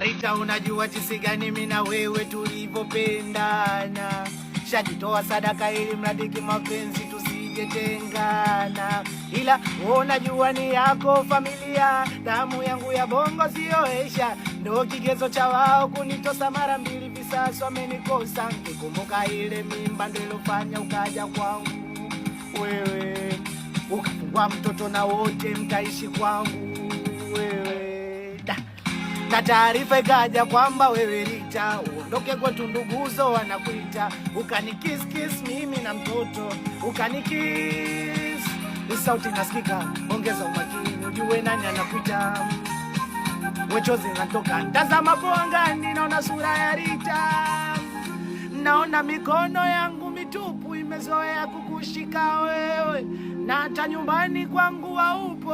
Rita, unajua jinsi gani mimi na wewe tulivyopendana, shajitoa sadaka ili mradi kimapenzi tusijetengana, ila unajua ni yako familia, damu yangu ya bongo siyoesha, ndo kigezo cha wao kunitosa mara mbili, visaswa amenikosa nikikumbuka ile mimba ndo ilofanya ukaja kwangu wewe ukafungua mtoto na wote mtaishi kwangu na taarifa ikaja kwamba wewe Rita uondoke kwetu, nduguzo wanakuita, ukani kiss mimi na mtoto ukanikiss, sauti nasikika, ongeza umakini ujue nani anakuita, wechozi natoka, tazama kuangani naona sura ya Rita, naona mikono yangu mitupu imezoea kukushika wewe, na hata nyumbani kwangu waupo